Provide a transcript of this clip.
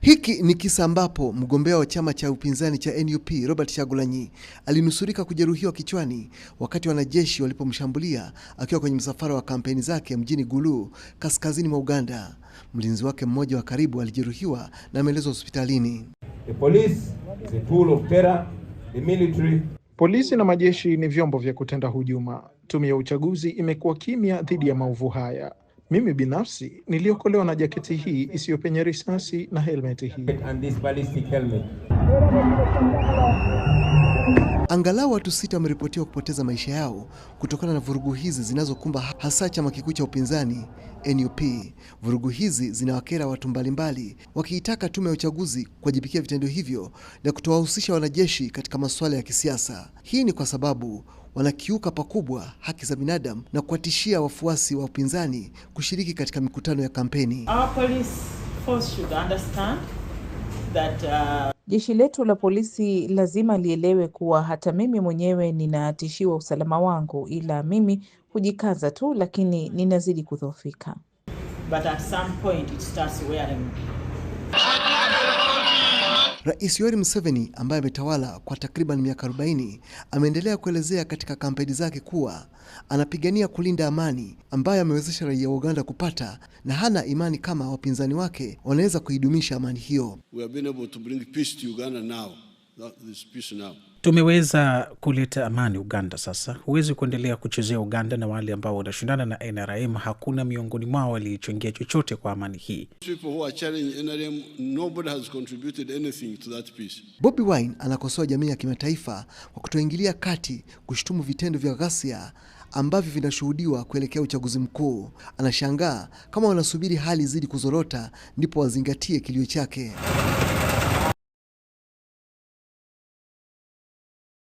Hiki ni kisa ambapo mgombea wa chama cha upinzani cha NUP Robert Chagulanyi alinusurika kujeruhiwa kichwani wakati wanajeshi walipomshambulia akiwa kwenye msafara wa kampeni zake mjini Gulu, kaskazini mwa Uganda. Mlinzi wake mmoja wa karibu alijeruhiwa na ameelezwa hospitalini. The police is a tool of terror, the military. Polisi na majeshi ni vyombo vya kutenda hujuma. Tume ya uchaguzi imekuwa kimya dhidi ya maovu haya. Mimi binafsi niliokolewa na jaketi hii isiyopenye risasi na helmeti hii. Angalau watu sita wameripotiwa kupoteza maisha yao kutokana na vurugu hizi zinazokumba hasa chama kikuu cha upinzani NUP. Vurugu hizi zinawakera watu mbalimbali, wakiitaka tume ya uchaguzi kuwajibikia vitendo hivyo na kutowahusisha wanajeshi katika masuala ya kisiasa. Hii ni kwa sababu wanakiuka pakubwa haki za binadamu na kuwatishia wafuasi wa upinzani kushiriki katika mikutano ya kampeni. Our police force should understand that, uh... jeshi letu la polisi lazima lielewe kuwa hata mimi mwenyewe ninatishiwa usalama wangu, ila mimi hujikaza tu, lakini ninazidi kudhoofika. But at some point it starts wearing Rais Yoweri Museveni ambaye ametawala kwa takriban miaka 40 ameendelea kuelezea katika kampeni zake kuwa anapigania kulinda amani ambayo amewezesha raia wa Uganda kupata na hana imani kama wapinzani wake wanaweza kuidumisha amani hiyo. We have been able to bring peace to Uganda now. peace now tumeweza kuleta amani Uganda. Sasa huwezi kuendelea kuchezea Uganda na wale ambao wanashindana na NRM. Hakuna miongoni mwao aliyechangia chochote kwa amani hii. Bobi Wine anakosoa jamii ya kimataifa kwa kutoingilia kati, kushutumu vitendo vya ghasia ambavyo vinashuhudiwa kuelekea uchaguzi mkuu. Anashangaa kama wanasubiri hali zidi kuzorota ndipo wazingatie kilio chake.